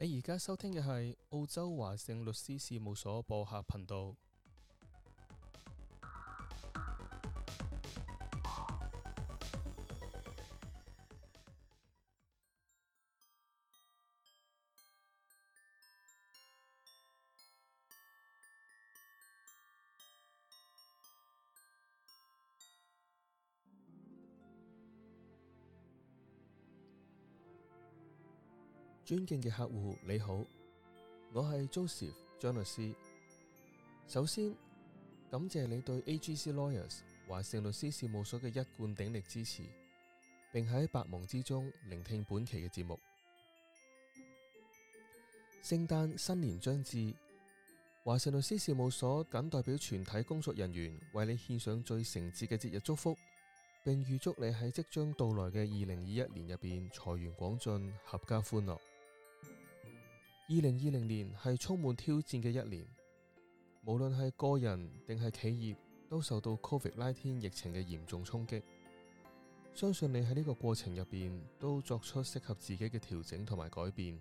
你而家收聽嘅係澳洲華盛律師事務所播客頻道。尊敬嘅客戶，你好，我係 Joseph 張律師。首先，感謝你對 AGC Lawyers 華盛律師事務所嘅一貫鼎力支持，並喺百忙之中聆聽本期嘅節目。聖誕新年將至，華盛律師事務所謹代表全體工作人員為你獻上最誠摯嘅節日祝福，並預祝你喺即將到來嘅二零二一年入邊財源廣進、合家歡樂。二零二零年係充滿挑戰嘅一年，無論係個人定係企業，都受到 Covid nineteen 疫情嘅嚴重衝擊。相信你喺呢個過程入邊都作出適合自己嘅調整同埋改變。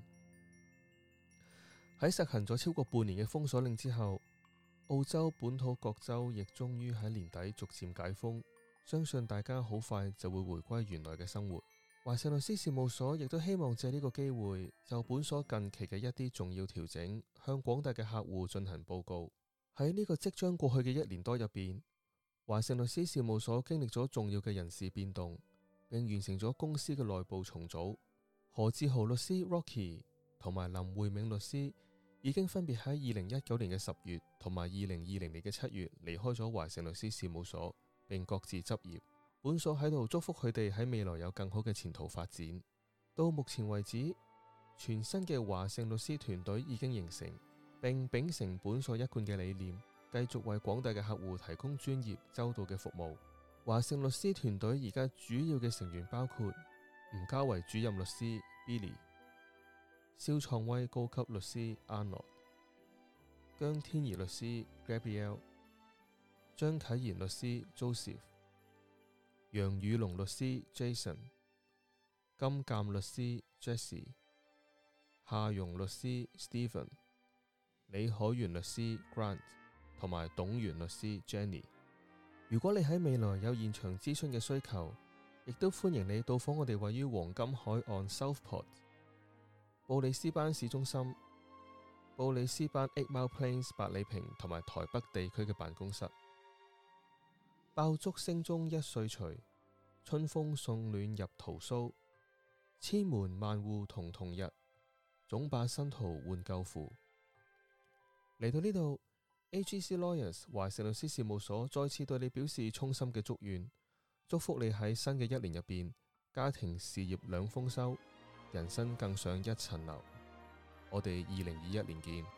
喺實行咗超過半年嘅封鎖令之後，澳洲本土各州亦終於喺年底逐漸解封，相信大家好快就會回歸原來嘅生活。華盛律師事務所亦都希望借呢個機會，就本所近期嘅一啲重要調整，向廣大嘅客戶進行報告。喺呢個即將過去嘅一年多入邊，華盛律師事務所經歷咗重要嘅人事變動，並完成咗公司嘅內部重組。何志豪律師 Rocky 同埋林會明律師已經分別喺二零一九年嘅十月同埋二零二零年嘅七月離開咗華盛律師事務所，並各自執業。本所喺度祝福佢哋喺未來有更好嘅前途發展。到目前為止，全新嘅華盛律師團隊已經形成，並秉承本所一貫嘅理念，繼續為廣大嘅客戶提供專業、周到嘅服務。華盛律師團隊而家主要嘅成員包括吳家維主任律師 Billy、蕭創威高級律師 Arnold、姜天怡律師 Gabriel、張啟賢律師 Joseph。楊宇龍律師 Jason、金鑑律師 Jessie、夏榮律師 Stephen、李海源律師 Grant 同埋董源律師 Jenny，如果你喺未來有現場諮詢嘅需求，亦都歡迎你到訪我哋位於黃金海岸 Southport、布里斯班市中心、布里斯班 Eight Mile Plains、百里平同埋台北地區嘅辦公室。爆竹聲中一歲除，春風送暖入屠蘇。千門萬戶瞳瞳日，總把新桃換舊符。嚟到呢度，AGC Lawyers 華盛律師事務所再次對你表示衷心嘅祝願，祝福你喺新嘅一年入邊，家庭事業兩豐收，人生更上一層樓。我哋二零二一年見。